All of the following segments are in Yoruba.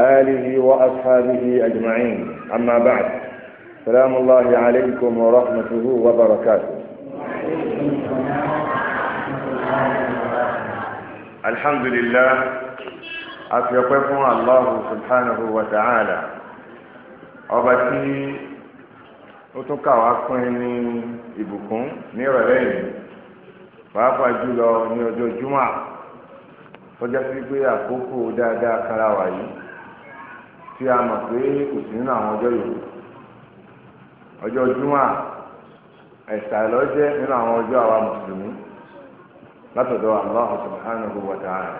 آله وأصحابه أجمعين أما بعد سلام الله عليكم ورحمته وبركاته الحمد لله أفيقكم الله سبحانه وتعالى أبتي أتوقع أكوني إبكم نيرالين pàápàá jùlọ ní ọjọ́ jumá tọ́jà sí pé àkókò dáadáa kára tí a mọ̀ pé kò sí nínú àwọn ọjọ́ yòókù ọjọ́ júmọ́ ẹ̀sà lọ́jẹ́ nínú àwọn ọjọ́ àwa mùsùlùmí látọ̀dọ̀ Allah subhanahu wa ta'ala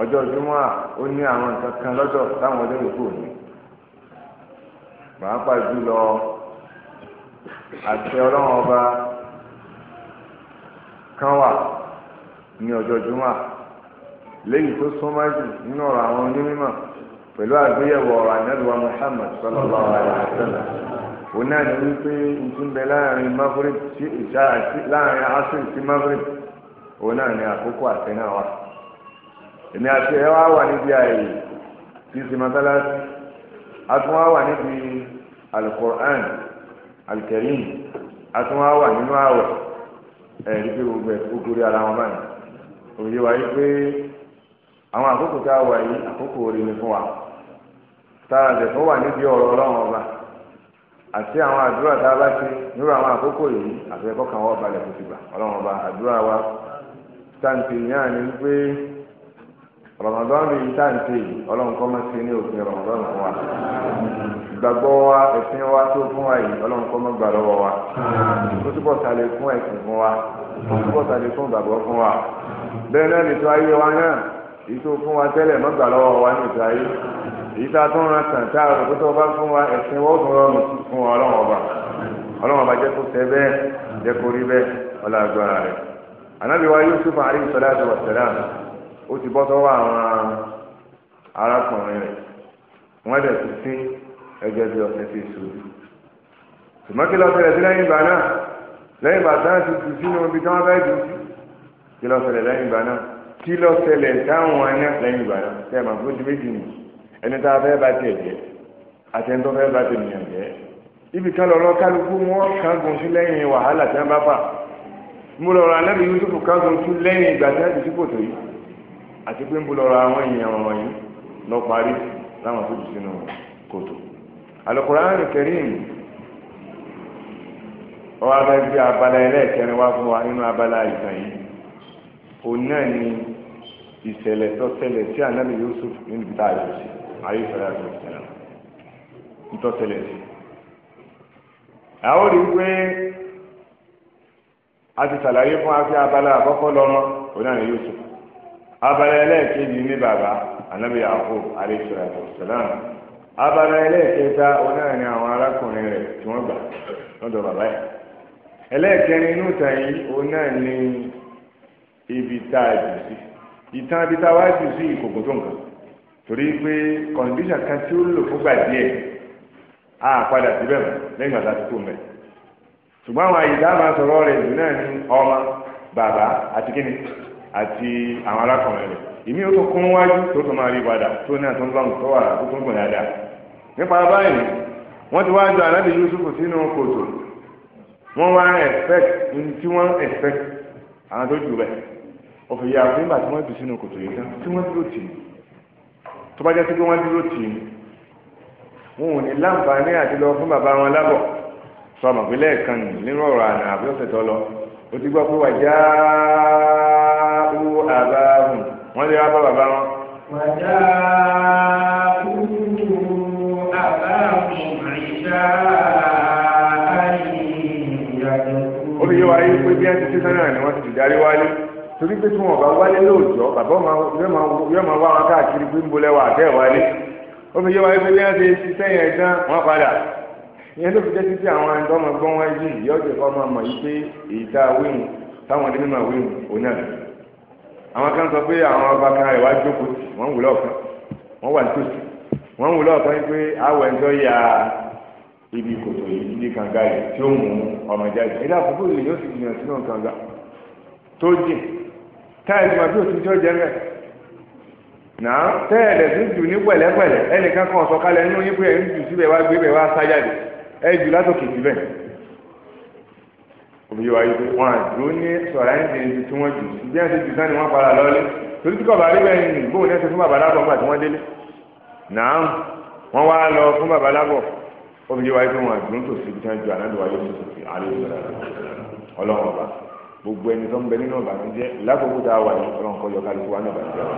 ọjọ́ júmọ́ ó ní àwọn nǹkan kan lọ́dọ̀ táwọn ọjọ́ yòókù ò ní pàápàá jùlọ àti ọlọ́run ọba kan wà ní ọjọ́ júmọ́ léyìí tó súnmọ́ pẹ̀lú àgbéyẹ̀wò ọ̀rọ̀ ànábìwá Muhammad sallallahu alaihi wasallam òun náà ní wípé ntún bẹ láàrin Maghrib sí ìṣá àti láàrin asir sí Maghrib òun náà ní àkókò àti náà wà èmi àti ẹ wá wà níbi àyè tí ti mọ́tálásí a tún wá wà níbi alukur'an alkarim a tún wá wà nínú àwẹ̀ ẹ̀rí pé gbogbo ẹ̀ kúkú rí ara wọn báyìí òye wáyé pé àwọn àkókò tá a wà yìí àkókò orin ni fún wa tára rẹ̀ tó wà níbi ọ̀rọ̀ ọlọ́run ọba àti àwọn àdúrà tá a bá ṣe nírú àwọn àkókò yìí àfẹ́kọ́ kan wọ́n balẹ̀ kò sì gbà ọlọ́run ọba àdúrà wa táǹtì náà ni wípé rọmọdọ́nù yìí táǹtì yìí ọlọ́run kọ́ máa ṣe ní òfin rọmọdọ́nù fún wa ìgbàgbọ́ wa ẹ̀sìn wa tó fún wa yìí ọlọ́run kọ́ máa gbà lọ́wọ́ wa ó túbọ̀ sàlẹ̀ fún ẹ̀sìn fún wa ó túbọ̀ sàlẹ̀ fún ìgbàgbọ́ fún wa bẹ́ẹ̀ náà nìtọ́ ayé wa náà èyí tó fún wa tẹ́lẹ̀ mọ́gbà lọ́wọ́ wa nìtọ́ ayé èyí tá a tún ran kàn tá a rò pé tó o bá fún wa ẹ̀sìn wọ́n tún rọrùn fún wa ọlọ́run ọba ọlọ́run ọba jẹ́ kó tẹ bẹ́ẹ̀ jẹ́ kó rí bẹ́ẹ̀ ọlá agbára rẹ̀ ànábì wa Yusuf alayhi salatu wa salam ó ti bọ́ sọ́wọ́ àwọn arákùnrin rẹ̀ wọ́n dẹ̀ ti sí ẹgbẹ́ bí ọ̀sẹ̀ ti sùn ṣùgbọ́n kí lọ́ọ́ ṣẹlẹ̀ sí lẹ́yìn ìgbà náà lẹ́yìn ìgbà táwọn ti tù sínú ibi tí wọ́n fẹ́ dùn sí kí lọ́ọ́ ṣẹlẹ̀ lẹ́yìn ìgbà náà kí lọ́ọ́ ṣẹlẹ̀ táwọn ẹ̀yàn lẹ́yìn ìgbà náà tẹ́ ẹ̀ máa fún ojú méjì nìyí ẹni tá a fẹ́ bá tiẹ̀ jẹ́ àtẹnudọ́ fẹ́ bá tiẹ̀ nìyàn jẹ́ ibi kan lọ́rọ́ kálukú wọn kángun sí lẹ́yìn wàhálà tí wọ́n bá fà mo lọ́rọ̀ alẹ́ mi Yusuf kángun sí lẹ́yìn ìgbà tí wọ́n ti sípò tó yìí àti pé ń bú lọ́rọ̀ àwọn èèyàn wọ̀nyí lọ parí láwọn tó jù sínú kòtò Al-Qur'an Karim ọwọ́ abẹ́ bí abala ẹlẹ́ẹ̀kẹrin wá fún wa nínú abala ìtàn yìí òun náà ni ìṣẹ̀lẹ̀ tó ṣẹlẹ̀ sí Yusuf nínú tá a yọ sí i. ayé ìfẹ́lá tó ṣẹlẹ̀ nítọ́sẹ̀lẹ̀ sí. àwọn òdì a ti ṣàlàyé fún afi abala àkọ́kọ́ lọ́rọ́ onáà yóò sùn abala ẹlẹ́ẹ̀kejì ní bàbá anabi abala ní bàbá ibi tá a jù sí ìtàn jù sí torí pé kọ̀ǹdíṣà kan tí ó lò fúngbà díẹ̀ á padà síbẹ̀ mọ́ lẹ́yìn ọ̀dà tó mẹ́ ṣùgbọ́n àwọn àyíká máa sọ̀rọ̀ rẹ̀ jù náà ní ọmọ bàbá àti kíni àti àwọn arákùnrin rẹ̀ ìmí ó tó kún wájú tó tó máa rí padà tó náà tó ń bá tó wà tó tó dáadáa nípa báyìí wọ́n ti wá ju aláde Yusuf sínú kòtò wọ́n wá expect ní tí wọ́n expect àwọn tó jù bẹ́ẹ̀ òfìyà fún ìgbà tí wọ́n ti sínú tó bá jẹ́ sí pé wọ́n dúró tì í wọn ò ní láǹfààní àti lọ fún bàbá wọn lábọ̀ sọ àmọ̀ pé lẹ́ẹ̀kan nínú ọ̀rọ̀ àná àbí ọ̀sẹ̀ tó lọ ó ti gbọ́ pé wàjá ó àbá hùn wọ́n lè wá bá bàbá wọn. wàjá ó àbá hùn àyíká àyè ìyàtọ̀. ó lè yé wa yé pé bí wọ́n ti ṣe ni wọ́n ti darí wálé torí pé tí wọn bá wálé lóòjọ́ bàbá yóò máa wá wọn káàkiri pé ń bolẹ̀ wà àtẹ́ wálé ó fi yé wáyé pé bí wọ́n ti ṣiṣẹ́ yẹn gan wọ́n padà ìyẹn ló fi jẹ́ títí àwọn ẹ̀ńtọ́mọ gbọ́n wá yìí yóò jẹ́ kọ́ máa yìí pé èyí a wíwù táwọn ọdún mímọ̀ wíwù òun náà àwọn kan sọ pé àwọn ọba kan rẹ̀ wá jókòó tì wọ́n wù lọ́ọ̀kan wọ́n wà nítòsí wọ́n wù lọ́ọ̀kan yìí pé àwọ̀ ẹ̀ńtọ́ ya ibi kòtò yìí ibi kànga yìí tí ó mú ọmọ jáde ẹ̀dá àkókò yìí yóò sì gbìyànjú náà kànga tó jìn táyà ìgbìmọ̀ bí òtún tí ó naa tere náà tẹ́ẹ̀lẹ̀ tún jù ní pẹ̀lẹ́pẹ̀lẹ́ ẹnìkan kan sọ̀kalẹ̀ nínú yín pé ẹ̀ ń jù síbẹ̀ wá gbé bẹ̀ wá sájáde ẹ jù látòkè síbẹ̀ òbí wa yìí wọn àdúró ní sọ̀rọ̀ ayé ti tí wọ́n jù bí wọ́n ti jù wọ́n para lọ́lé torí bá rí bẹ́ẹ̀ ni bóun ẹsẹ̀ fún bàbá nígbà tí wọ́n délé náà wọ́n wá lọ fún gbogbo ẹni tó ń bẹ nínú ìbànújẹ́ lákòókò tá a wà ní ọlọ́nkọ́ yọ kálukú wa ní ìbànújẹ́ wa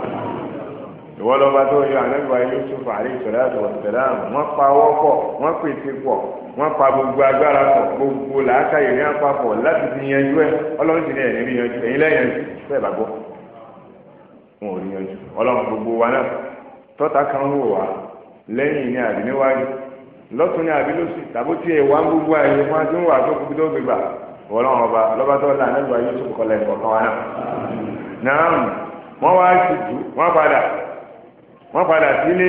ìwọ lọba tó yọ ànágbà Yusuf àrí ìṣẹ̀lẹ̀ àtọwọ ìṣẹ̀lẹ̀ àrùn wọn pa ọwọ́ pọ̀ wọn pèsè pọ̀ wọn pa gbogbo agbára pọ̀ gbogbo làákàyè ní àpapọ̀ láti fi yanjú ẹ Ọlọ́run sì ní ẹni rí yanjú ẹ̀yin lẹ́yìn bẹ́ẹ̀ bá gbọ́ wọn ò rí yanjú Ọlọ́run gbogbo wa náà tọ́ta kan wò wá lẹ́yìn ní àbí níwájú lọ́tún ní àbí lóṣù tàbó tiẹ̀ wá gbogbo àyè wọn ti ń wà tó gbogbo tó gbégbà ọlọ́run ọba lọ́ba tó là nígbà yusuf kọlẹ̀ kọ̀ọ̀kan wa náà. náà wọ́n wá sí jù wọ́n padà wọ́n padà sílé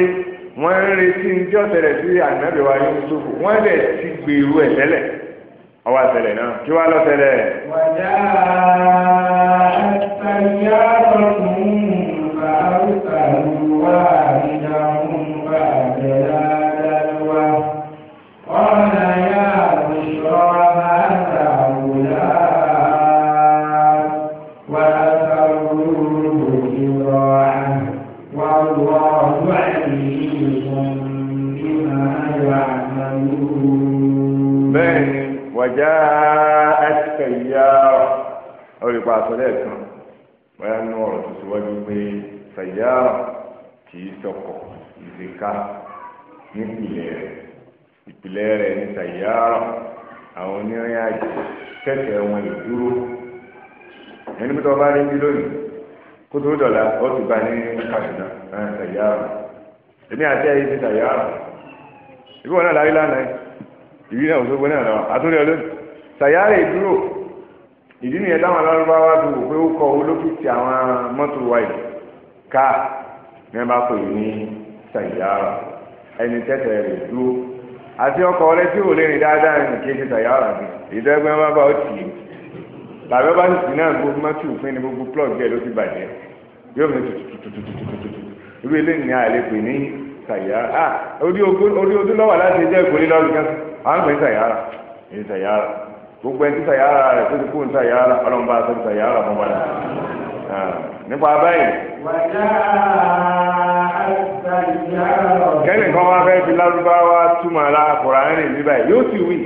wọ́n ń retí ní ọ̀sẹ̀lẹ̀ sí ànábì wa yusuf wọ́n lẹ̀ ti gbèrú ẹ̀ tẹ́lẹ̀ ọwọ́ àtẹlẹ̀ náà kí wàá lọ́sẹ̀lẹ̀. wàjà àtàyà lọ́kùnrin bàbá àrùn wà. torí pa aṣọ lẹ́ẹ̀kan bóyá nínú ọ̀rọ̀ tó pé kì í sọkọ̀ ìdíkà nípìnlẹ̀ rẹ̀ ìpìlẹ̀ rẹ̀ ní sàyára àwọn onírìn àjò kẹ̀kẹ́ wọn lè dúró ẹni pé tó bá rí bí lónìí tó dọ̀la ìdí nìyẹn táwọn alárúbáwá fi wò pé ó kọ olókìtì àwọn mọ́tò wa yìí ká ní ẹ bá pè ní sàyàrà ẹni tẹ́tẹ̀ rẹ̀ dúró àti ọkọ̀ rẹ tí ò lè rìn dáadáa ní kéde sàyàrà bí ìdẹ́gbẹ́ wọn bá ó tì í tàbí ọba náà gbogbo mọ́tò òfin ni gbogbo plọ̀g bẹ́ẹ̀ ló ti bàjẹ́ yóò fi tutututututututu irú eléyìí ni àlè pè ní sàyàrà orí ojú lọ́wọ́ láti jẹ́ ìkórè kan àwọn gbogbo ẹni tí sàyàrá rẹ̀ tó ti kú ní sàyàrá ọlọ́run bá sọ sàyàrá fún wọn. Ah, nípa báyìí. kẹ́lẹ̀ kan wá fẹ́ fi lárúbáwá túmọ̀ ara Kùránì níbà yóò sì wí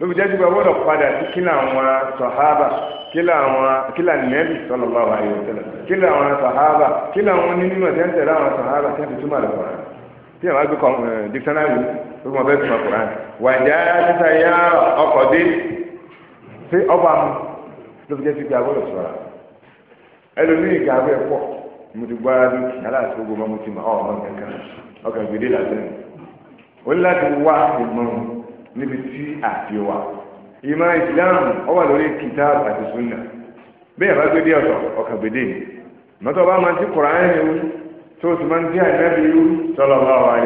lóbi jẹ́ jùlọ gbọ́dọ̀ padà sí kílà àwọn sàhábà kílà àwọn kílà nẹ́bì sallallahu alaihi wasallam kílà àwọn sàhábà kílà àwọn onímọ̀ tẹ́ntẹ̀lá àwọn sàhábà tẹ́ntẹ̀ túmọ̀ àlọ́ Kùránì tí àwọn agbẹ́kọ̀ọ́ eh, dictionary ló fún ọbẹ̀ túmọ̀ Kùránì wàjá títà yá ọkọ̀ dé ṣé ọba n'oge ló fi jẹ́ sí pé agbọ́dọ̀ sọ̀rọ̀ ẹlòmíì ìgbà abẹ́ pọ̀ mo ti gbára bí ma ọ ọmọ kankan ọkàn gbèdé làtẹ́nu ó láti wá níbi tí àti ọ lórí kìtáàbù àti súnà bẹ́ẹ̀ bá gbédé ọ̀tọ̀ ọkàn gbèdé ni mọ́tò máa ti Kùránì ewu tó o máa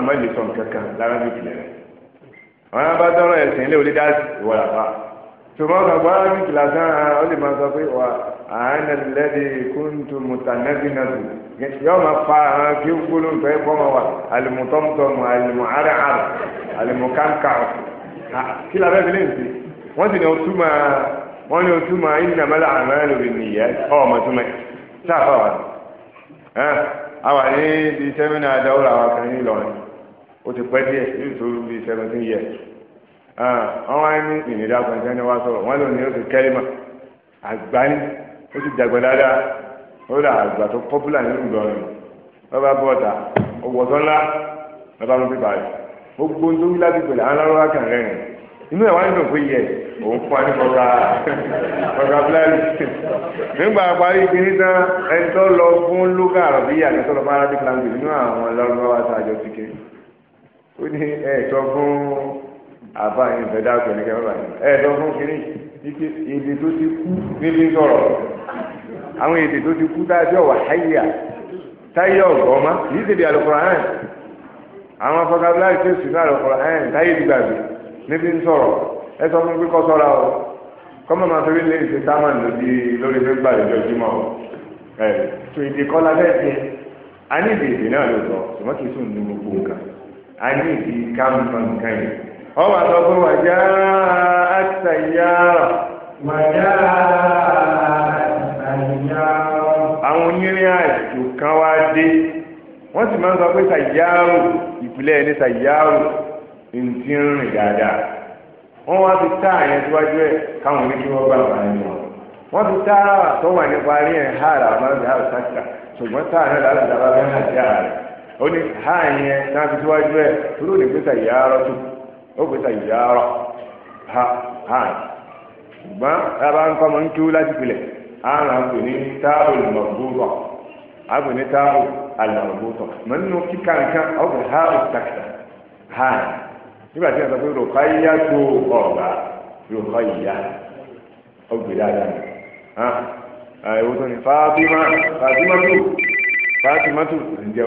ń wọlé lára bí rẹ̀ àwọn bá dọ́rọ̀ ẹ̀sìn ilé orí dáàsì ìwà àbá ṣùgbọ́n kàgbá mìkì lásán ó lè máa sọ pé wà àánà lẹ́dí kúntù mùtànẹ́bínàtù yóò máa fa àwọn kí ó gbóló nǹkan ẹ̀kọ́ máa wà àlùmùtọ́mùtọ́mù àlùmùárẹ̀árẹ̀ àlùmùkánkàrù kí la fẹ́ fi lè ṣe wọ́n sì ní otú máa wọ́n ní otú máa ìnà mẹ́lẹ̀ àmàlù rẹ̀ ọmọ tó mẹ́ sáà fáwọn àwọn ní ibi sẹ́mínà àdáwòrán àwọn kan ní ó ti pẹ́ díẹ̀ yóò tó bí seventeen years wọ́n wá ní ìnira pẹ̀lú ẹni wá sọ̀rọ̀ wọ́n lónìí ó ti kẹ́límà àgbá ní ó ti dàgbà dáadáa ó rà àgbà tó popular nínú Ìlọrin lọ́ba bọ́ọ̀tà ọ̀wọ̀tọ́ ńlá lọ́ba ló fi bàrẹ̀ gbogbo tó wí láti pèlè alárọ́wá kàn rẹ̀rìn inú ẹ̀ wá nínú pé yẹ òun fún wa ní kọ̀ọ̀ka kọ̀ọ̀ka fúláì nígbà parí kìíní tán ẹni tó lọ fún lókà àrọ̀bíyà ní tó lọ fún Arabic language nínú àwọn alárọ́wá tá a jọ ti kiri ó ní ẹ̀ẹ́dọ́ fún àbá ìfẹ̀dá ọ̀tọ̀ni kẹfẹ́ báyìí ẹ̀ẹ́dọ́ fún kiri ike èdè tó ti kú níbi ń sọ̀rọ̀ àwọn èdè tó ti kú dájú ọ̀wà táyà táyà ọ̀gọ́má yìí ti di àlùkòrò hàn àwọn afọkàbíláì tó sì ní àlùkòrò hàn táyà ti gbàgbé níbi ń sọ̀rọ̀ ẹ sọ fún kíkọ́ sọ́ra o kọ́mọ máa torí lè ṣe táwọn lòdì lórí fẹ́ gbà lójó jímọ̀ o ẹ̀ tó èdè kọ́lá bẹ́ẹ̀ tiẹ̀ a ní èdè náà lóòótọ́ ṣùgbọ́n kì í sùn ní gbogbo nǹkan ayé ìdí kámpa nǹkan ọ ọwọ́ àtọ́kọ́ wàjá àtàyàrá. wàjá ya àwọn onírìn àjò kan wá dé wọ́n sì máa ń sọ pé sàyáàrò ìpìlẹ̀ ẹni sàyáàrò ń ń rìn dáadáa wọ́n wá fi tá àyẹn síwájú ẹ̀ káwọn kí wọ́n gbà wà wọn wọ́n tá nípa hàrà ṣùgbọ́n tá dábàá bẹ́ẹ̀ ó ní ha yẹn náà fi síwájú ẹ̀ dúró ní gbèsè ìyáàrọ̀ tó ó gbèsè ìyáàrọ̀ ha ha ṣùgbọ́n tábà ń kọ́mọ ń tú láti pilẹ̀ á ń pè ní táàbù lùmọ̀gbúrọ̀ á pè ní táàbù àlùmọ̀gbúrọ̀ mọ̀ nínú kíkà nǹkan ha ha nígbà tí sọ pé rògbà tó ọ̀gá rògbà dáadáa tó ní tó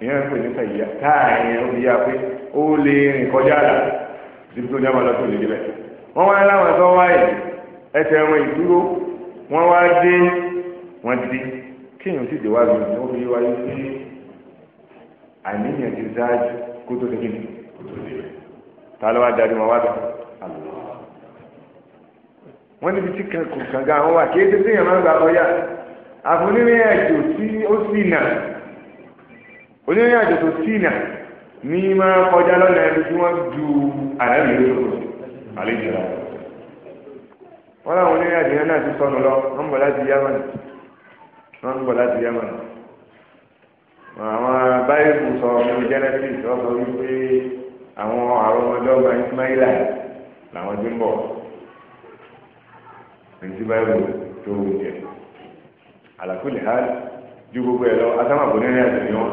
ìyẹn ń pè ní sàyíyá káàyàn ó yá pé ó lè rìn kọjá là síbi tó ní àwọn ọlọ́tún lè débẹ̀ wọ́n wá láwọn tó wáyé ẹsẹ̀ wọn ìdúró wọ́n wá dé wọ́n di kéèyàn sì dé wá lóyún ní ó fi wáyé sí àníyàn ti ṣáájú kó tó ṣe kí ni kó tó ṣe ta ló wá darí wọn wá bẹ̀ àlọ́ wọ́n níbi tí kankan gan wà kí é tètè yẹn máa ń gbà kọjá àfúnilẹ̀ ẹ̀jọ̀ tí ó sì nà onírìn àjò tó tìǹà ní máa kọjá lọ́nà ẹni tí wọ́n ju àlàyé lóṣù àlejò rà wọ́n láwọn onírìn àjò yẹn náà ti sọnù lọ wọ́n ń bọ̀ láti yámánì wọ́n ń bọ̀ láti yámánì àwọn báyìí sọ nínú genesis wọ́n sọ wípé àwọn àwọn ọmọdọ́gba ismaila làwọn ti ń bọ̀ nti báyìí tó wù jẹ àlàkùlẹ̀ ha ju gbogbo ẹ̀ lọ asámàbọ̀ nínú àjò yẹn wọn.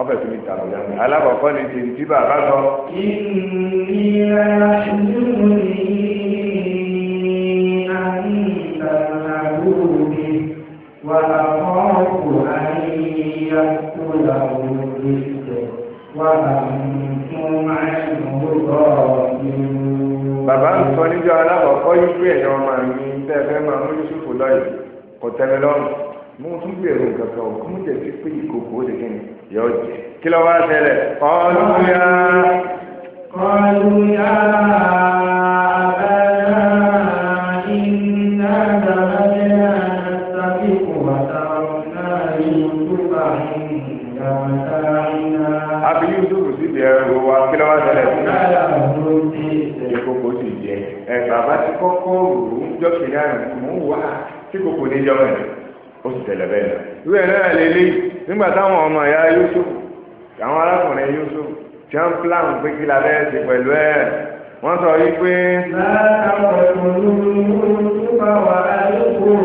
ọbẹ̀ tó ní tààrà ọ̀yà mi alábọ̀kọ́ ni ti ti bàbá sọ. ìlú ni àìsàlàyé mi wà àkọ́kù àyíyá tó là wọlé tẹ̀ wà àmùtún àìmọ̀lọ́ bàbá ń sọ níjọ́ alábọ̀kọ́ yìí pé ẹ̀yàn ọmọ mi tẹ́ fẹ́ máa mú Yusuf lọ kò tẹ́lẹ̀ lọ́rùn. mo tún gbèrò nǹkan kan o mo jẹ sí pé ìkòkò ó lè kí ni yọ jẹ kí lọ wá ṣẹlẹ̀ ọlọyà. ọlọyà abẹ́rẹ́ iná dàbẹ́ náà tàbí kò wá táwọn náà yóò tó bá ìyàwó àbí yusuf sì bẹ̀rẹ̀ wà kí lọ́wọ́ bàbá ti kọ́kọ́ rò ó jọ́kìlá rẹ̀ mò ń wá tí kòkò ní jọ́mọ̀ rẹ̀. ó sì tẹ̀lẹ̀ bẹ́ẹ̀ náà irú ẹ̀ náà lè lé nígbà táwọn ọmọ ìyá Yusuf àwọn arákùnrin Yusuf tí wọ́n plan pé kí la bẹ́ẹ̀ ṣe pẹ̀lú ẹ̀ wọ́n sọ yí pé. láàárọ̀ ìmọ̀lúmọ̀ wà á lókòrò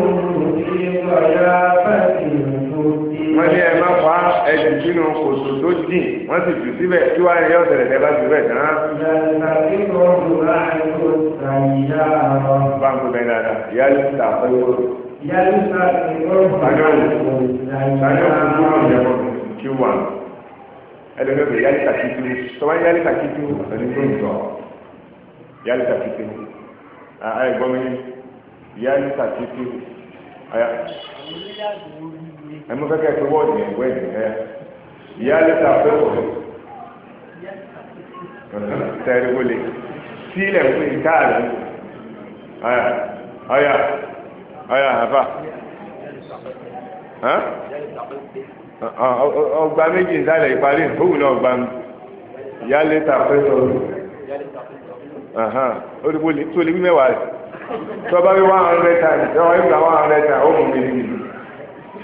ìwà ya bàtì wọ́n ní ẹ má pa ẹ̀jù sínú kòtò tó jìn wọ́n sì jù síbẹ̀ kí wàá ní ọ̀sẹ̀ rẹ̀ bá jù bẹ̀ tán. ìyàlá kíkọ́ ọ̀rọ̀ àìkú ṣàyíyá. báńkì bẹ́ẹ̀ dáadáa ìyá ló ń ta àpẹẹrẹ ẹlẹ́gbẹ́ bẹ yálita kìtù tọ́wá yálita kìtù ẹni tó ń tọ́ yálita kìtù ayé gbọ́mìnì yálita kìtù ayá ẹmu kẹ́kẹ́ tó wọ́ọ̀dì ẹ̀ wẹ́ẹ̀dì ẹ̀ yálita pẹ́pọ̀ tẹ́rìwọlé sílẹ̀ wíwí káàdì ayá ayá ọ̀yà àfà ọgbà méjì ìsàlẹ̀ ìparí òun náà gbà mí yálé tàpé tó ó dìbò tó lè wí mẹ́wàá rẹ̀ tó bá wí one hundred times tó wáyé gba one hundred times ó mú mi nìyí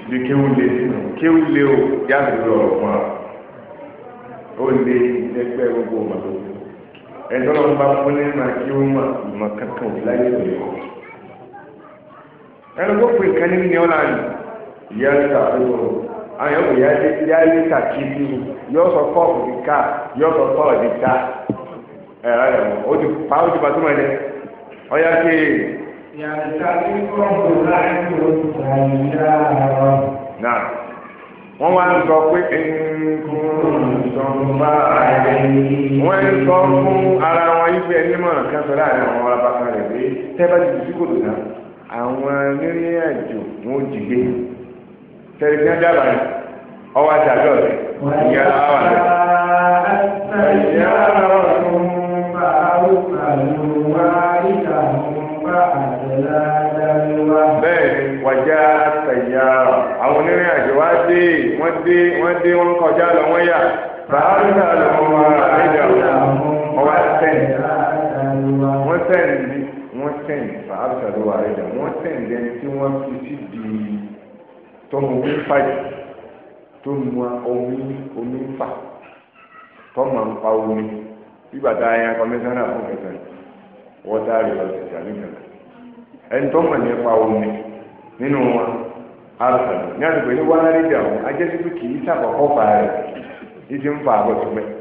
bí kéwú lé kéwú lé o yàtọ̀ lọ́rọ̀ fún wa ó lé ẹgbẹ́ gbogbo ọmọ tó ẹ̀dọ́nà ń bá fún ní ma kí ó mà ìmọ̀ kankan ò láyé òye kọ̀ọ̀kan. ya tó pè ya ní ya ya ya àwọn ya ya ya ya ya yóò sọ ya ya ká yóò sọ ya ya ká ẹ̀rọ ya ya ya ti pa ya ti pa tó mọ̀ ya ọ̀yà ké. ya wọ́n wá ń sọ pé wọ́n ń sọ fún ara wọn yí pé ẹni ya ya ya láàrin àwọn ọlọ́pàá kan rẹ̀ pé ya ya ti ya ya ya náà. àwọn rírìn wọn ò jìgbé tẹlifíà dábàá ni ọwọ́ àti àjọ rẹ̀ ìyá àwọn rẹ̀. Ẹ̀yà ọ̀run bá àlùwá ìjà ọ̀run àwọn wá dé, wọ́n dé, wọ́n dé, wọ́n kọjá lọ, wọ́n yà. Wọ́n wọ́n tẹ̀ǹ fàábùsà ló wà rẹ̀ wọ́n tẹ̀ǹ dẹni tí wọ́n fi sí di tọ́mù omi fàyè tó mu omi omi fà tọ́mù à ń pa omi bíbà tá a yan kọmísánná fún kẹsàn wọ́tá rìlọ́ọ̀sì tàbí kẹsàn ẹni tó mọ̀ nípa omi nínú wọn àrùsà ní àdúgbò ní wọ́n á rí ìjà wọn ajẹ́sí pé kì í sàkọ́kọ́ fà rẹ̀ ìdí ń fa àbọ̀tún mẹ́ta.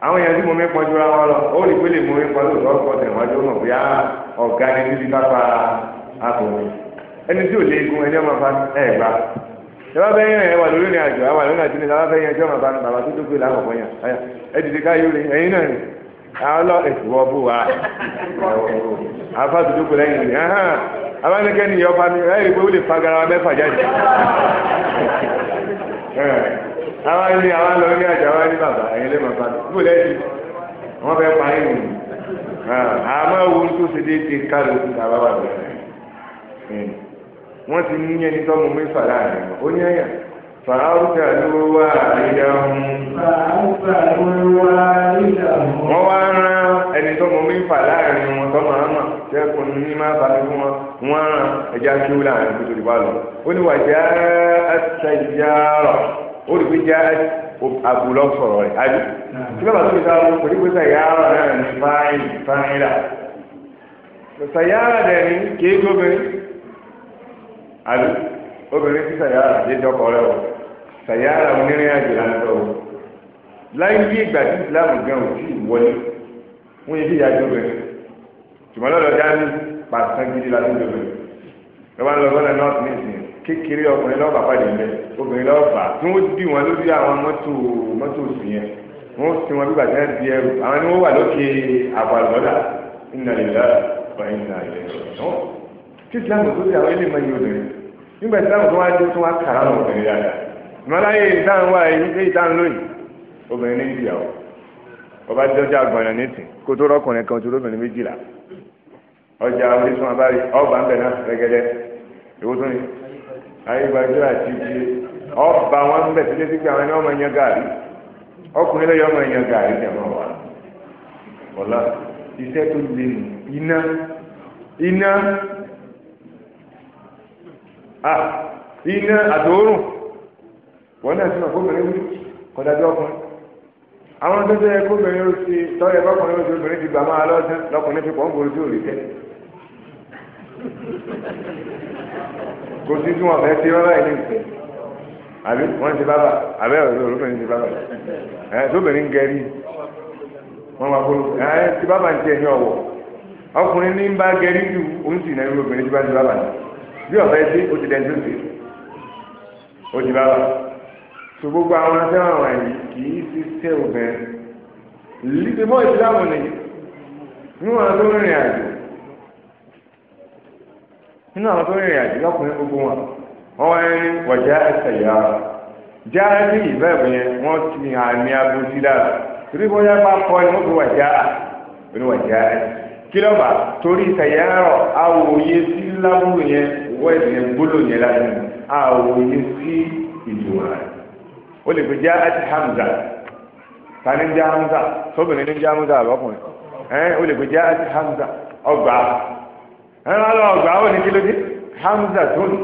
àwọn èèyàn tí mo mẹ́pọ̀ jura wọn lọ ó rí pé lè mo mẹ́pọ̀ lóòótọ́ ọkọ̀ tẹ̀wájú ọmọ bí ah, ọ̀gá ni níbi kápá àtòwé ẹni tí ò lé egun ẹni ọmọ fa ẹ̀ gbà tẹ́wọ́ bẹ́ẹ̀ yẹn wà lórí ní àjò àwọn àlónà àti ní tẹ́wọ́ bẹ́ẹ̀ yẹn tí ọmọ fa bàbá tó tó gbé lákọ̀ọ́kọ́ yẹn ẹ dìde ká yóò rí ẹ̀yin náà rí àwọn lọ ìwọ bó wa àfa tó tó gbé lẹ́yìn rí àwa ilé àwa lọ ilé àjà wa ní bàbá ẹ̀yin lè máa bá lọ kúrò lẹ́sìn pa yín nìyí àmọ́ wo tó ṣe déédéé kálọ̀ tó ta bàbá bẹ̀rẹ̀ wọ́n ti ní ẹni tó mú mi fà láàrin ó ní ẹ̀yà fàáfà ló wà ìyá ọ̀hún. fàáfà ló wà ìyá ọ̀hún. wọ́n wá rán ẹni tó mú mi fà láàrin wọn tó máa mọ̀ sẹ́kùn ní má bá fún wọn wọ́n rán ẹja kí ó láàrin kó tó lọ. ó ní wàjá ẹ̀ṣẹ̀ ìyá rọ̀. O ó rí pé jẹ́ àbù lọ sọ̀rọ̀ rẹ̀ àbí tí bàbá tó fi sá wọn kò ní pé sàyára náà ní fáìn fáìn rà sàyára dẹ̀ ní kéé gómìnir àbí obìnrin tí sàyára lè dọ́kọ̀ rẹ̀ wọ̀ sàyára onírìn àjò làǹtọ̀ wọ̀ láyé bí ìgbà tí ìsìlámù gan ò tí ì wọlé wọn yé bí ìyá gómìnir tùmọ̀ lọ́dọ̀ dání pàṣán gidi la tó dòbẹ̀ lọ́wọ́ lọ́wọ́ náà nọ́ọ̀tì ní ìsìn kékeré ọkùnrin lọ́wọ́ bàbá rẹ̀ lẹ̀ obìnrin lọ́wọ́ bà tí wọ́n bí wọn lórí àwọn mọ́tò mọ́tò sí yẹn wọ́n sin wọn bí bàtà di ẹrù àwọn ni wọ́n wà lókè àbàlọ́dà iná ìlà wà iná ìlẹ̀ ọ̀ tí islam tó ti àwọn ilé ìmọ̀ yìí obìnrin nígbà islam tó wá dé tó wá kàrà àwọn obìnrin dáadáa ìmọ̀láyé ìdáhùn wà èyí dé ìdáhùn lónìí obìnrin ní ìyàwó ọba jọjá àgbọ̀nà nítì kó tó rọ́kùnrin kan tó lóbìnrin méjìlá ọjà orísun abárí ọba ń bẹ̀ náà rẹ́gẹ́dẹ́ ìwó tó ní ayébájọ́ àti ibi ọba wọn ń bẹ̀ sí létí pé àwọn ẹni ọmọ ẹ̀yàn gàrí ọkùnrin lẹ́yìn ọmọ ẹ̀yàn gàrí jẹ̀mọ́ wa ọ̀la iṣẹ́ tó le nù iná iná à iná àtòórùn wọn náà ti mọ̀ kóbìnrin wí ọkùnrin àwọn tó obìnrin ti gbà máa fi pọ̀ ń borí kò sí tí wọ́n fẹ́ ti rárá ilé ìfẹ́ àbí wọ́n ti bábà àbẹ́ ọ̀rẹ́ olóbìnrin ti bábà ẹ̀ tóbìnrin gẹ̀rí wọ́n máa kóló ẹ̀ ti bábà ń tiẹ̀ ní ọ̀wọ̀ ọkùnrin ní bá gẹ̀rí ju òun sì náà olóbìnrin ti bá ti bábà bí ọ̀fẹ́ sí ó ti dẹ́ tó ti ó ti bábà tó gbogbo àwọn asẹ́wọ̀n àwọn yìí kì í ti tẹ́ obìnrin lílé ìsìlámù nìyí níwọ̀n tó rìnrìn àjò nínú àwọn tó rìnrìn àjò lọ́kùnrin gbogbo wọn wọ́n wáyé ní wọ̀já ẹsẹ̀ yà já ní ìbẹ́ẹ̀bù yẹn wọ́n ti àmì abo sí dára torí bóyá bá kọ́ ni wọ́n fi wọ̀já à ní wọ̀já ẹ̀ kí lọ́ba torí ìtẹ̀yẹ́rọ̀ àwòye sí lábúrò yẹn gbólò yẹn àwòye sí ìlú rẹ̀ ó lè fi já Hamza tani já Hamza Hamza ó ẹ̀rọ ọgbà àwọn ní kílódé hamza tó ní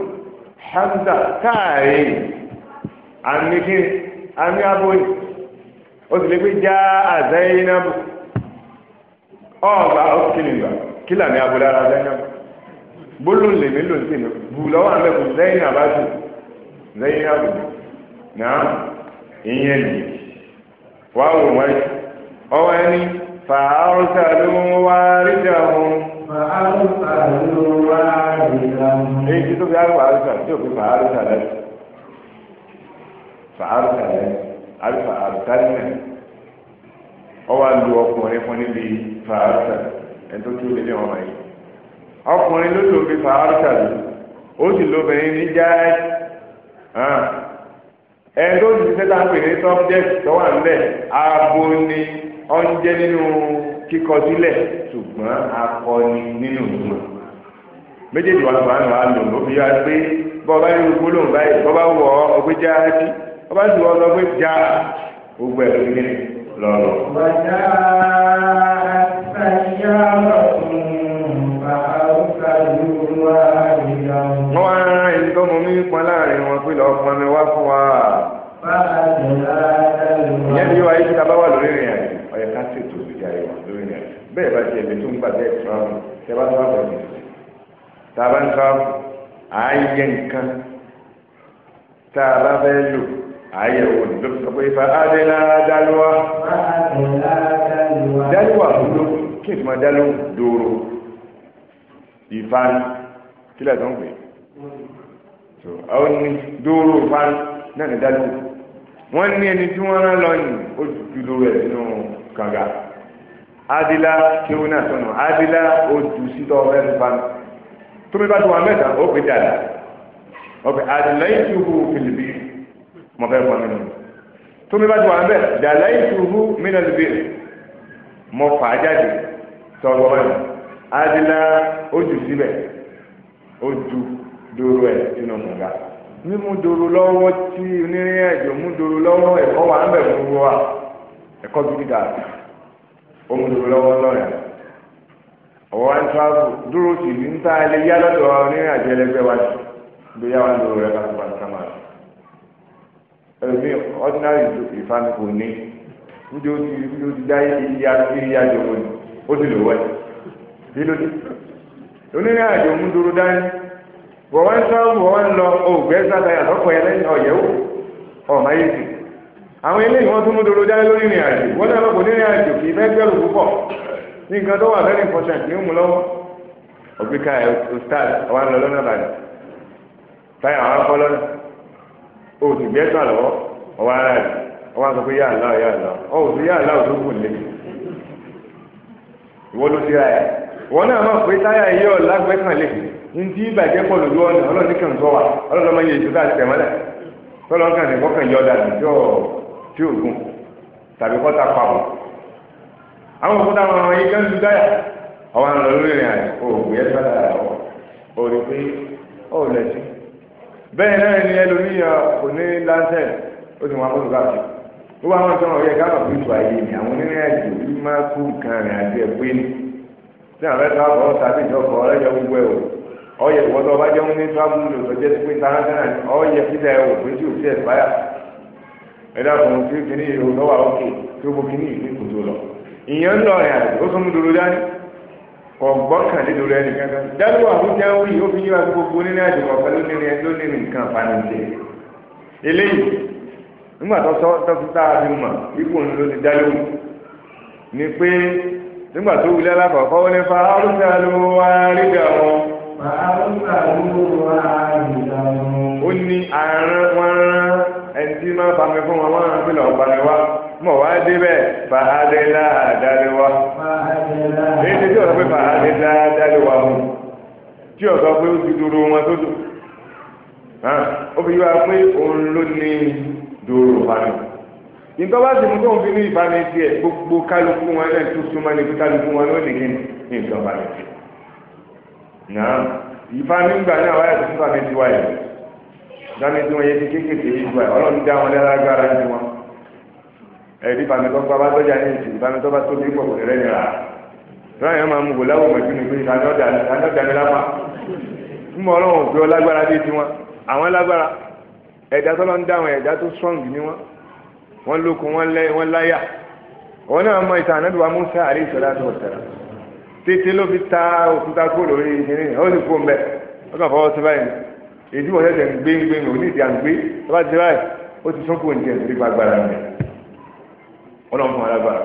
hamza káàrí àmì kí àmì abóyè ó sì lè pé já àzá inábù ọgbà ó sì kílì gbà kílà ní abúlé ara zainabu gbólóhùn lèmi ló ń tèmi bù lọ́wọ́ àmẹ́kù zainabu àti zainabu náà ìyẹn nìyí wàá wò wáyé ọwọ́ ẹni fàárùsà ló ń wá wọn èyí tó fi àrùfà àrùfà tí ò fi fà àrùfà lẹ́nu fà àrùfà lẹ́nu àrùfà àrùfà lẹ́nu ọwọ́ àlù ọkùnrin fún níbi fà àrùfà ẹni tó tún lélẹ̀ ọmọ yìí ọkùnrin ló lò fi fà àrùfà lẹ́nu ó sì lóbìnrin ní jáì ẹni tó sì ṣe pè ní subject tó wà ń bẹ̀ abo ni ọ̀ nínú kíkọ sílẹ̀ ṣùgbọ́n akọni nínú ìgbìmọ̀ méjèèjì wọn máa ń wà ló fi wá pé bọ́ bá yóò gbólóhùn báyìí bọ́ bá wọ̀ ọgbẹ́ já sí bọ́ bá sì wọ́ ọgbẹ́ já gbogbo ẹ̀ lórí lọ́rọ̀. wàjà àtàyà lọ́kùnrin bàbá ọ̀sà yóò wá ìyá wọ́n á ẹni tó mú mi pọn láàrin wọn pé lọ́ọ́ pọn mi wá fún wa. bá a jẹ́ láàárín wọn. ìyẹn ni wàá yí bẹ́ẹ̀ bá ti ẹ̀mí tó ń gbàgbé ìtúráàmù tẹ́ bá tọ́wọ́ pẹ̀lú tá a bá ń tọ́wọ́ àáyẹ nǹkan tá a bá fẹ́ lò àáyẹ òun ló fi sọ pé fa adéla dálúwà dálúwà dúró kí ètò máa dálú dòrò ìfani kílẹ̀ tó ń pè àwọn ní dòrò ìfani náà ní dálú wọ́n ní ẹni tí wọ́n rán lọ yìí ó dúró ẹ̀ nínú kànga. adila kéwọn náà sọnù adila ojú sítọ ọbẹ nípa tóbi bá tó wà mẹ́ta ó pè dada ọbẹ adila ìtuhu filibi mọ fẹ fọ nínú tóbi bá tó wà mẹ fà jáde adila dòrò sínú mímú dòrò lọ́wọ́ tí onírìn àjò mú dòrò lọ́wọ́ ẹ̀kọ́ wà ń fún wa ẹ̀kọ́ gidi ó mú lówó lọ́wọ́ lọ́rẹ̀ ọ̀wọ́ wa ń tíráfù dúró sí ní ń tá ordinary ìfami kò ní níbi ó ti níbi ó ti dá iye iye àjò wọn ó ti àwọn eléyìí wọ́n tún mú dòdò dálé lórí ìrìn àjò wọ́n náà lọ́pọ̀ nírìn àjò kì í fẹ́ gbẹ̀rù púpọ̀ ní nǹkan tó wà very important ní òmù lọ́wọ́ ọ̀gbìnkà ustaz wa ń lọ lọ́nà bàdàn táyà àwọn afọ́ lọ́nà o sì gbé ẹ̀sán lọ́wọ́ ọwọ́ ara rẹ̀ ọwọ́ pé yà á láwọ̀ yà á láwọ̀ yà á láwọ̀ tó kù lé ntí ìbàjẹ́ pọ̀ lójú ọ̀nà ọlọ́ọ̀ni kàn wa ọlọ́ọ̀ni ọmọ yẹn àti tí ò gùn tàbí kọta pamọ́ àwọn òkúta àwọn ọmọ yìí kan dáyà ọwọ́ àwọn ìrìn àjò òògùn yẹn sọ́dà àwọ̀ pé bẹ́ẹ̀ náà ni ẹlòmíyàn kò ní ó sì wọn ó wọn sọ̀rọ̀ yẹ ni àwọn onírìn àjò yìí máa kú nǹkan rìn àjò ẹ̀ pé tí àwọn ẹ̀ka ọ̀rọ̀ tàbí gbogbo ẹ̀ o ọ̀yẹ̀ ìwọ́dọ̀ ọba ẹ̀dàkùn tí kìíní ìhò lọ́wà òkè tí ó bó kìíní ìlú kò tó lọ ìyẹn ń lọ rìn àjò ó tún dúró dání ọgbọ́kàn kan dáríwò àbújá ń wí ó fi yíwa gbogbo nínú àjò kọ̀ọ̀kan lónìí lónìí ni pé nígbà tó wulẹ̀ alákọ̀ọ́kọ́ wọlé fa arúgbà ló wá rí gà wọn. fa arúgbà ló wá rí gà wọn. ó ní àárán wọn rán ẹni tí máa bá mi fún wọn wọn fi lọ bá mi wá mọ wá débẹ̀ fàhádé láàdáre wá. èyí ti tí ọ̀sán pé fàhádé láàdáre wá mu tí ọ̀sán pé ó ti dúró wọn tó dùn. ó fi yíwa pé òun ló ní dòrò fani. nǹkan bá ti mú tóun fi ní ìbámi tiẹ̀ gbogbo kálukú wọn náà tó súnmọ́ ní kálukú wọn ló ní kí ni tiẹ̀. ìbámi gbà ní àwọn àyàtọ̀ sípàmì ti wáyé dání tí wọ́n yé ti kéékèèké yìí gbà ọlọ́run dá wọn lágbára ní wọn ẹ̀rí ìbámitọ́ bá bá tọ́jà ní ìsìn ìbámitọ́ bá tóbi pọ̀ kò rẹ́ nira tọ́lá yẹn máa mú wò láwọ̀ mọ̀jú ni pé ìdáná dání lápá ń bọ̀ ọlọ́run òfin ọlágbára dé tiwọn àwọn lágbára ẹ̀dá tọ́lá ń dá wọn ẹ̀dá tó strong ni wọn wọn lókun wọn láyà wọn náà mọ ìtàn ànábìwá Musa èdè wọn yẹn tẹ̀ ń gbé ń gbé ń òní ìdí à ń gbé tó bá ti báyìí ó ti sún kúrò ní ẹ̀ nípa agbára rẹ̀ ọlọ́run fún alágbára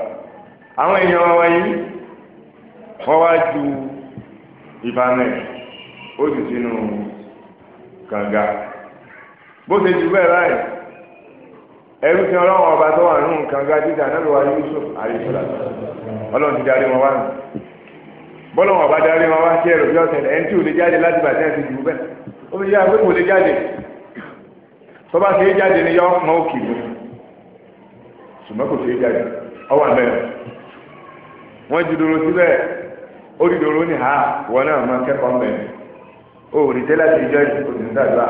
àwọn èèyàn wa wáyé wọ́n wá ju ìbámẹ́ ó sì sínú kànga bó ṣe jù bẹ́ẹ̀ báyìí ẹrú tí ọlọ́run ọba tó wà nínú kànga títà náà ló wá Yusuf àyíṣọ́lá ọlọ́run ti darí wọn wá nù bọ́lọ́run ọba darí wọn wá sí ẹ̀rọ bí ọ̀sẹ̀ ẹ̀ ń tí lè jáde láti bàtẹ́ ẹ̀ ti jù bẹ́ẹ̀ ó yẹ àgbẹ̀ kò lè jáde tó bá ṣe é jáde ní yọ ọmọ òkè mi ṣùgbọ́n kò ṣe é jáde ọwọ́ àmẹ́ wọ́n ju dòrò síbẹ̀ ó di dòrò ní ha wọ́n náà máa kẹ́kọ̀ọ́ mẹ́ o ò rí tẹ́lá ti jẹ́ òṣìṣẹ́dàdúrà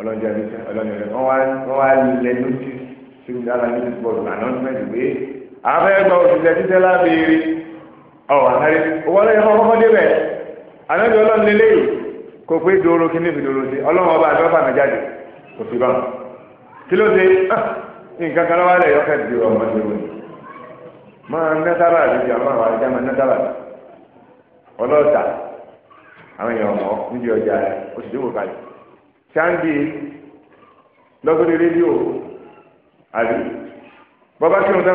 ọlọ́jà ẹ̀ṣẹ́ ọlọ́jà ẹ̀ṣẹ́ wọ́n wá lẹ lójú sí ní dára ní bọ́ọ̀lù ànọ́ńtìmẹ́ntì pé àfẹ́gbọ́ òṣìṣẹ́ títẹ́ lábẹ́ẹ́rẹ́ ọ̀ àtàrí owó lẹ́yìn ọkọ̀ débẹ̀ ànájọ́ ọlọ́run lélẹ́yìí kò pé dòrò kí ní ìdòrò sí ọlọ́run ọba àti ọba mi kò sí báwọn kí ló dé ah, nǹkan kan ọmọ ṣe wọ́n máa ń nẹ́tàbà àdìsí àwọn àwọn àdìsí àwọn nẹ́tàbà ọlọ́ọ̀tà àwọn ọmọ níbi ọjà oṣù tó wò kalẹ̀ sáńdì lọ́gbẹ́dẹ́ rédíò àbí bọ́bá kí wọn sá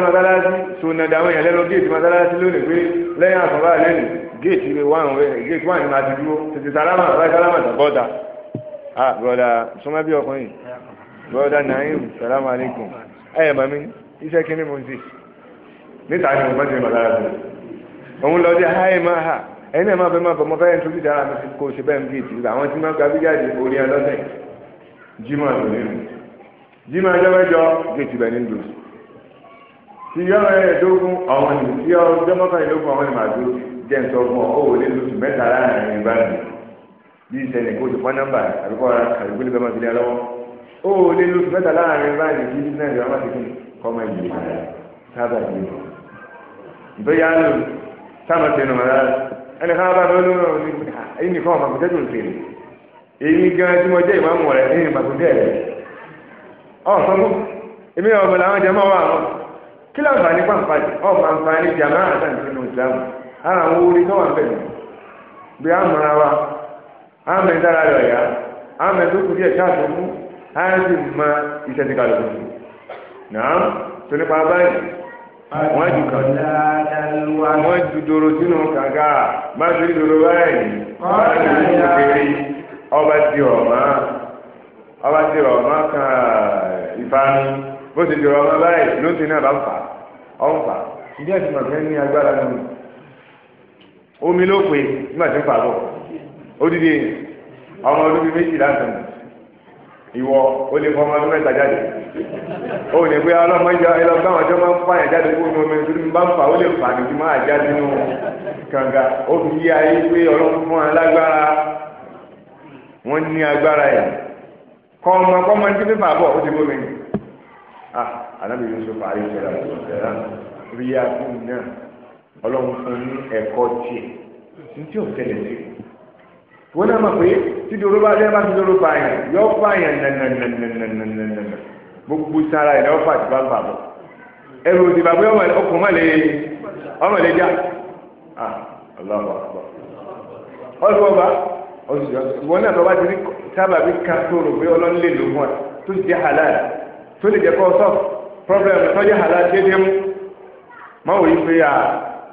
géètì ilé wà ń wẹ géètì wà ní ma ti dúró tètè sálámà báyìí sálámà tó bọ́dà ah bọ́dà sọmọ bí ọkùnrin bọ́dà naim sálámà aleykum ẹ ẹ mami iṣẹ́ kí ni mo ti níta ni mo bá ti bàtà rẹ òun lọ sí háì máa hà ẹni ẹ máa bẹ máa bọ mo fẹ́ẹ́ nítorí dára mi kó o ṣe bẹ́ẹ̀ ń géètì ilé àwọn tí máa gba bí jáde orí ẹ lọ́sẹ̀ jimá lò nínú jimá ẹjọ́ mẹ́jọ géètì bẹ̀ ní dùn tí yọ ẹ̀ dógún àwọn ènìyàn tí yọ ọjọ́ mọ́kànlélógún àwọn dúró jẹ́ ń sọ ọ ó wọlé lóṣù mẹ́ta láàrin ìbáraẹni bí ìsẹ̀lẹ̀ kó ti pọ́n nọ́mbà àbíkọ́ àbíkọ́ nígbà máa fi lé lọ́wọ́ ó wọlé lóṣù mẹ́ta láàrin ìbáraẹni bí ìsẹ̀lẹ̀ ìbáraẹni máa ti sábà lò sábà tẹnu ẹni ká bá nìkan èyí gan tí mo jẹ́ rẹ̀ ara àwọn orí tó wà bẹ̀rẹ̀ bí a mọ̀ra wa a mẹ́ dára rẹ̀ yá a mẹ́ tó kù ma káàtó fún a sì mọ iṣẹ́ ti kàlọ́ fún un náà tó nípa báyìí wọ́n ju kàn wọ́n ju doro sínú kàga bá ti rí báyìí wọ́n ti rí kékeré ọba ti rọ̀ ọba ti rọ̀ kan bó ti di báyìí ló ti ń fà ń fà omi ló pè nígbà tí ń fà bọ̀ odidi ọmọ ọdún bíi méjì láti mọ̀ ìwọ o lè fọ ọmọ ọdún mẹ́ta jáde o lè gbé ọlọ́mọ ìjọ ẹlọgbọ́n àwọn ọjọ́ máa ń fàyàn jáde kó ní omi tuntun bá ń fà ó lè fà ní ti máa jáde nínú kànga ó fi yí ayé pé ọlọ́run fún wa lágbára wọ́n ní agbára yẹn kọ́ ọmọ kọ́ ọmọ ní tí fífà ó ti bómi ah anábìyí Yusuf ayé sọ̀rọ̀ àti sọ̀rọ̀ rí akúnyà ọlọ́run fún ní ẹ̀kọ́ tiẹ̀ tí ò tẹ̀lé sí wọn náà mọ̀ pé tí dòrò bá dẹ́ bá ti dòrò pa àyàn yọ pa àyàn nànànànànànànà gbogbo sara ẹ̀ lọ́fà tí bá bà bọ̀ ẹrù òdì bàbá ọkùnrin má lè ọmọ já ọlọ́wọ́ ọlọ́wọ́ bá wọn náà bá ti rí sábàbí kan tó pé ọlọ́run lè lò wọn tó ti jẹ́ halal tó lè jẹ́ kọ́ sọ́ọ̀ problem tó jẹ́ halal déédéé mú máa wòye pé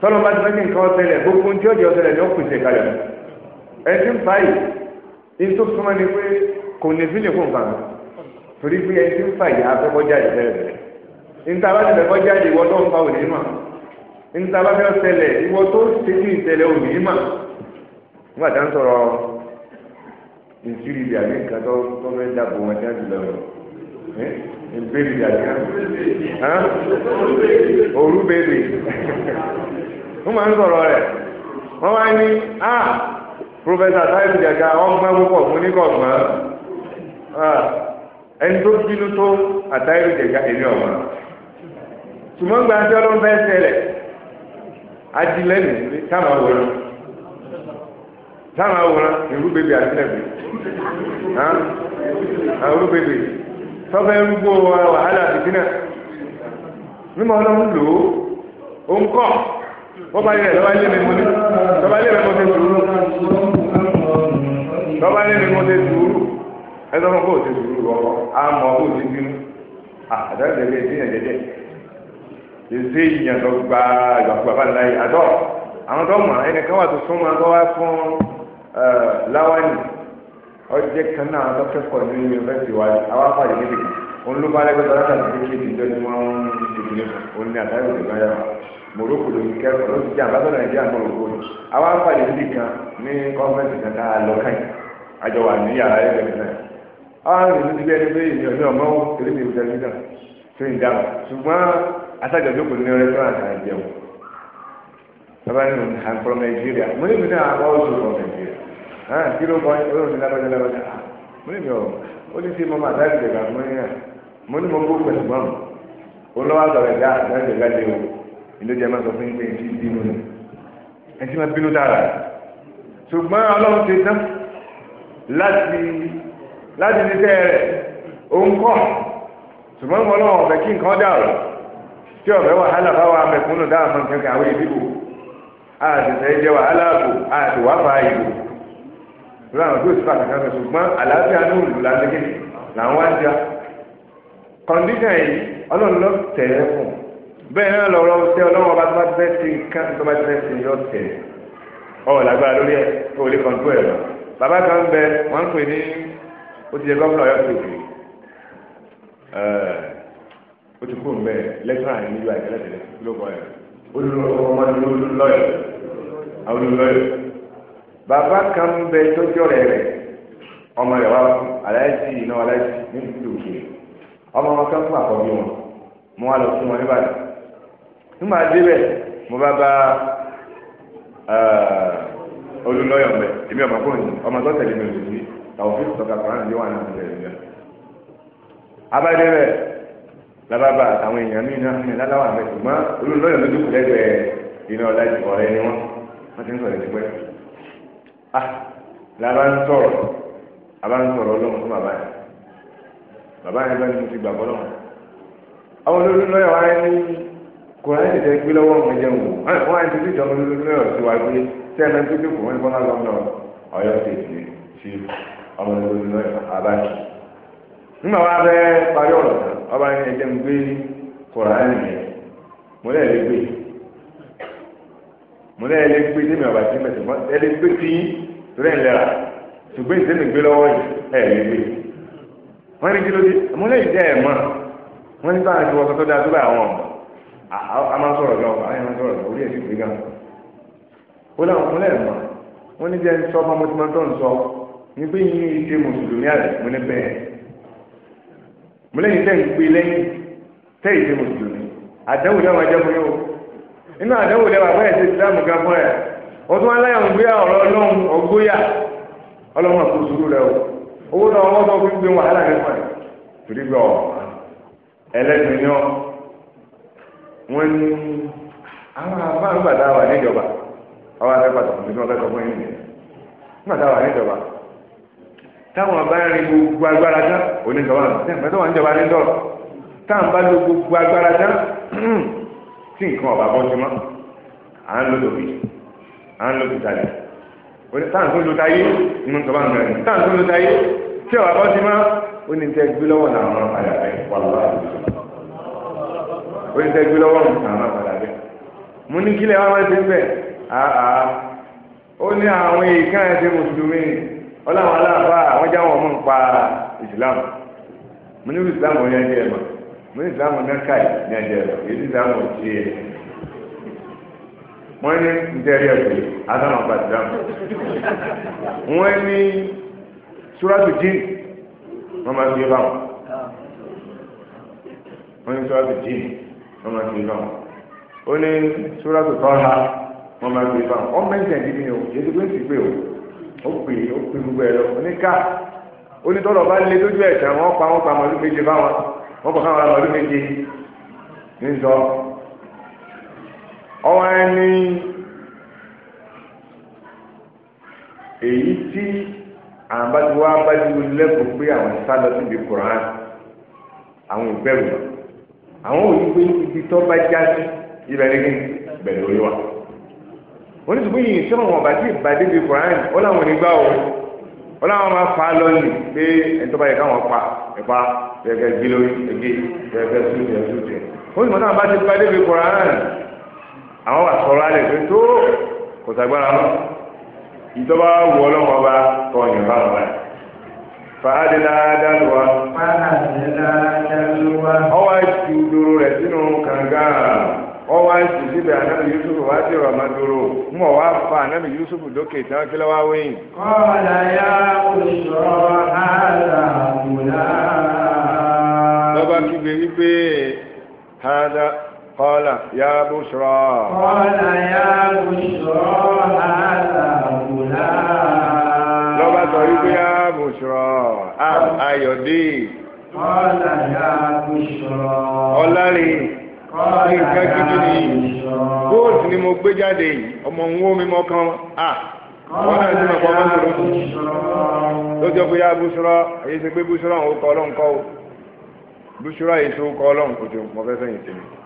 tọ́lọ́ bá ti fẹ́ kí nǹkan ọ̀sẹ̀lẹ̀ gbogbo ní ọjọ́ ọ̀sẹ̀lẹ̀ ni ó pèsè kalẹ̀ mọ́ ẹtí ń fa yìí ní tó súnmọ́ ni pé kò ní fi lè fún nǹkan torí pé ẹtí ń fa yìí afẹ́kọ́ jáde bẹ́ẹ̀ bẹ́ẹ̀ níta bá ti fẹ́kọ́ jáde ìwọ tó ń fa òní mà níta bá fẹ́ ọ̀sẹ̀lẹ̀ ìwọ tó ti ní ìṣẹ̀lẹ̀ òní mà nígbà tá ń sọ̀rọ̀ ìṣírí ibi nǹkan tó tó fẹ́ dàbò wọn jáde lọ ìbéèrè àbí orú wọ́n máa ń sọ̀rọ̀ rẹ̀ wọ́n wá ní a pòfẹ́sà táìpù jaga ọgbọ́n púpọ̀ fún nígbọ̀gbọ́n ẹni tó bínú tó àtàìpù jàgà èmi ọ̀gbọ́n ṣùgbọ́n gba ẹjọ́ ló ń bẹ́ ṣẹlẹ̀ táwọn àwòrán tọ́fẹ́ rúgbó wàhálà ọlọ́run lò ó ń kọ́. wọ́n bá yẹ lọ́ba ilé mi mo ní lọ́ba ilé mi mo ti sùúrù lọ́ba ilé mi mo ti sùúrù ẹ sọ fún kó o ti sùúrù ọkọ àmọ́ kó o ti bínú àdáyé lè ti yàn jẹjẹ èsè ìyàn tó gba ìgbàkúgbà bá láyé àtọ àwọn tó mọ ẹnìkan wà tó súnmọ́ tó wá fún láwánì ọjẹ kan náà tó kẹ́kọ̀ọ́ ní yunifásitì wa àwọn afáàdé níbi kan òun ló bá lẹgbẹtọ látàkì kékeré ìjọ ni wọn ń ṣèkìlẹ fún òun ní àdáyé òdìgbà yàrá. Morocco ló ti kẹ́kọ̀ọ́ ló ti jẹ́ àbátọ̀ nàìjíríà Morocco ni àwọn àǹfààní níbi kan ní kọ́ńfẹ́ǹsì kan tá a lọ káyìn àjọ wà ní yàrá ẹgbẹ́ náà àwọn àǹfààní níbi bí ẹni pé ènìyàn ní ọmọ òkèlè mi ò jẹ nígbà tó ń dáhùn ṣùgbọ́n asájọ tó kù ní rẹ́sítọ́ràǹtì náà jẹun bàbá ní òun I'm from Nigeria mo ní mi náà wọ́n ó sùn from Nigeria ah, kí ló kọ́ olóòtú lábẹ́jọ́ lábẹ́jọ́ ah. mo ní mi ò ó ní sí mo máa dájú ìjọba ìlójú ẹ máa sọ fún yín pé ẹ ti bínú ni ẹ ti máa bínú dára ṣùgbọ́n ọlọ́run ti tán láti láti ní tẹ́ rẹ̀ òun kọ́ ṣùgbọ́n wọn lọ́wọ́ ọ̀fẹ́ kí nǹkan dàrú tí ọ̀fẹ́ wàhálà bá wà mẹ̀kúnnù dáhà mọ́ nǹkan kàwé ìdìbò àtẹ̀tẹ̀ jẹ́ wàhálà àbò àti wàfà ìbò láwọn tó sùpà kankan fẹ́ ṣùgbọ́n àlàáfíà ní òòlù lásìkè làwọn á já kọ́ndíṣàn yìí ọlọ́run lọ tẹ̀ fún bẹ́ẹ̀ náà lọ́rọ̀ ṣé ọlọ́run ọba tó bá fẹ́ ṣe nǹkan tó bá fẹ́ ṣe yọ tẹ̀ ọ̀ làgbára lórí ẹ̀ tó lè kọ́ńtò ẹ̀ lọ bàbá kan bẹ wọ́n ń pè ní ó ti jẹ gọ́ọ̀nà ọ̀yọ́ tòkè ó ti kú mbẹ lẹ́tọ́rà ní ìlú àìsàn lẹ́tẹ̀lẹ́ lóko ẹ̀ olùlọ́yọ̀ àwọn olùlọ́yọ̀ bàbá kan bẹ tó jọ̀rẹ̀ rẹ̀ ọmọ rẹ̀ wá aláìsí iná aláìsí ní tòkè ọmọ wọn kan fún àkọ́bí wọn mo wá lọ fún wọn níbàdàn. nígbà débẹ̀ mo bá bá olùlọ́yọ̀ mbẹ èmi ọmọ kò ní ọmọ tó tẹ̀lé mi ò sí tàwọn fi sọ̀tà kọ́ra ní wà náà tẹ̀lé mi. abájẹ́bẹ̀ lababa àtàwọn èèyàn láláwà mẹ́ ṣùgbọ́n olùlọ́yọ̀ iná ọ̀la rẹ ni wọ́n wọ́n ti ń sọ̀rọ̀ ah, ń sọ̀rọ̀ ń sọ̀rọ̀ ọlọ́run fún bàbá yẹn bàbá yẹn bá ní mo ti gbàgbọ́ lọ́wọ́ àwọn olùlọ́yọ̀ ní kòrán ti tẹ gbé lọ́wọ́ ọmọ wò wọ́n á ti jọmọ lórí lọ́rọ̀ sí wa gbé sẹ́ẹ̀mẹ́ tó dé kò tètè sí ọmọ nígbà parí ọba ní ẹ̀jẹ̀ gbé kòrán yẹn mo mo ọba tí tí ń kí ló dé mo a máa sọ̀rọ̀ lọ àwọn èèyàn sọ̀rọ̀ lọ orí ẹ̀sìn gbígbà ó láwọn fúnlẹ̀ mọ́ wọ́n ní jẹ́ ń sọ fún mọ́tímọ́tò ń sọ ní pé yín ìṣe mùsùlùmí àrẹ mo ní bẹ́ẹ̀ mo lẹ́yìn tẹ́ ń gbé lẹ́yìn tẹ́ ìṣe mùsùlùmí lẹ́wọ̀n ẹjẹ́ fún yóò inú lẹ́wọ̀n àbẹ́yẹ ṣe fún wọ́n tún wá gbé ọ̀rọ̀ ọlọ́run ọgbóyà ọlọ́run wọ́n ní àwọn afáàrùn gbàdá wà níjọba ọwọ́ afẹ́ pàtàkì tí wọ́n fẹ́ sọ fún yín gbàdá wà níjọba táwọn bá rin gbogbo agbára tán oníjọba náà tó wà níjọba ní táwọn bá lo gbogbo agbára tán tí nǹkan ọ̀bà bọ́ sí mọ́ à ń lo tòbí à ń lo táwọn tó lo táyé ń bẹ̀rẹ̀ táwọn tó lo táyé tí ọ̀bà bọ́ sí mọ́ gbé lọ́wọ́ orí tẹ́ gbé lọ́wọ́ nǹkan náà padà bẹ́ẹ̀ mo ní kílẹ̀ wá máa ń ṣe bẹ́ẹ̀ àá ó ní àwọn èèkàn ẹ̀ṣẹ̀ mùsùlùmí ọláwọn aláàbá àwọn jáwọn ọmọ ń pa ìsìlámù mo ní ìsìlámù ní ẹjẹ ẹ̀mọ́ mo ní ìsìlámù ní káì ní ẹjẹ ẹ̀mọ́ èyí ìsìlámù ti ẹ̀ wọ́n ní ntẹ́rí ẹ̀kọ́ adáwọn pa ìsìlámù wọ́n ní súrátù jíìn wọ́n máa ń gbé báwọn wọ́n ní súrátù jíìn. wọ́n máa fi bá wọn ó ní súrátù tọ́ha wọ́n máa fi bá wọn ó mẹ́jẹ̀ níbi o yéṣu pé ti pé o ó pè é ó pè gbogbo ẹ̀ lọ bá lé lójú pa pa méje bá wọn pa káwọn màlúù méje ní sọ ọwọ́ ẹni èyí tí àbájúwá bájú lẹ́kọ̀ọ́ pé àwọn sálọ síbi kùrán àwọn ìbẹ̀rù àwọn òyìnbó ibi tó bá já sí ìbẹ̀rẹ̀ kí bẹ̀rẹ̀ orí wa wọ́n ti bóyá ìṣẹ́ wọn bá ti bá débi Quran ó láwọn onígbà o ó láwọn máa fa lọ́ọ̀lì pé ẹ̀tọ́ bá yẹ káwọn pa ẹ̀pa ẹ̀kẹ́ gbé lórí ẹ̀gé ẹ̀kẹ́ sùn ẹ̀ sùn tẹ̀ ó sì mọ́ táwọn bá ti bá débi Quran àwọn wà sọ̀rọ̀ alẹ̀ pé tó kò sàgbára mọ́ ìjọba wọ ọlọ́wọ́ bá tọ̀ ọ̀yìn báyìí. fàádìlá dálùwà. ọwọ́ àti ìdúró rẹ̀ sínú ọwọ́ àti ìdíbẹ̀ anábì yusuf wá sí ọ̀rọ̀ àmàdúró ń wọ̀ wá fa anábì yusuf lókè yá oṣù kígbe wípé hada yá bùsùrọ̀. yá lọ́ba sọ wípé a bùṣọ̀rọ̀ a ayọ̀dé. kọ́lá ya bùṣọ̀rọ̀. ọ̀làrin nǹkan kíkí ni góòtù ni mo gbé jáde yìí ọmọ ń wó mi mọ́ kan a wọ́n náà ti mọ̀ pọ́ mọ́tò lóṣù tó jọ pé ya bùṣọ̀rọ̀ èyí pé bùṣọ̀rọ̀ òun kọ́ ọlọ́run o bùṣọ̀rọ̀ èyí tó kọ́ ọlọ́run kò tó mọ fẹ́ fẹ́yìn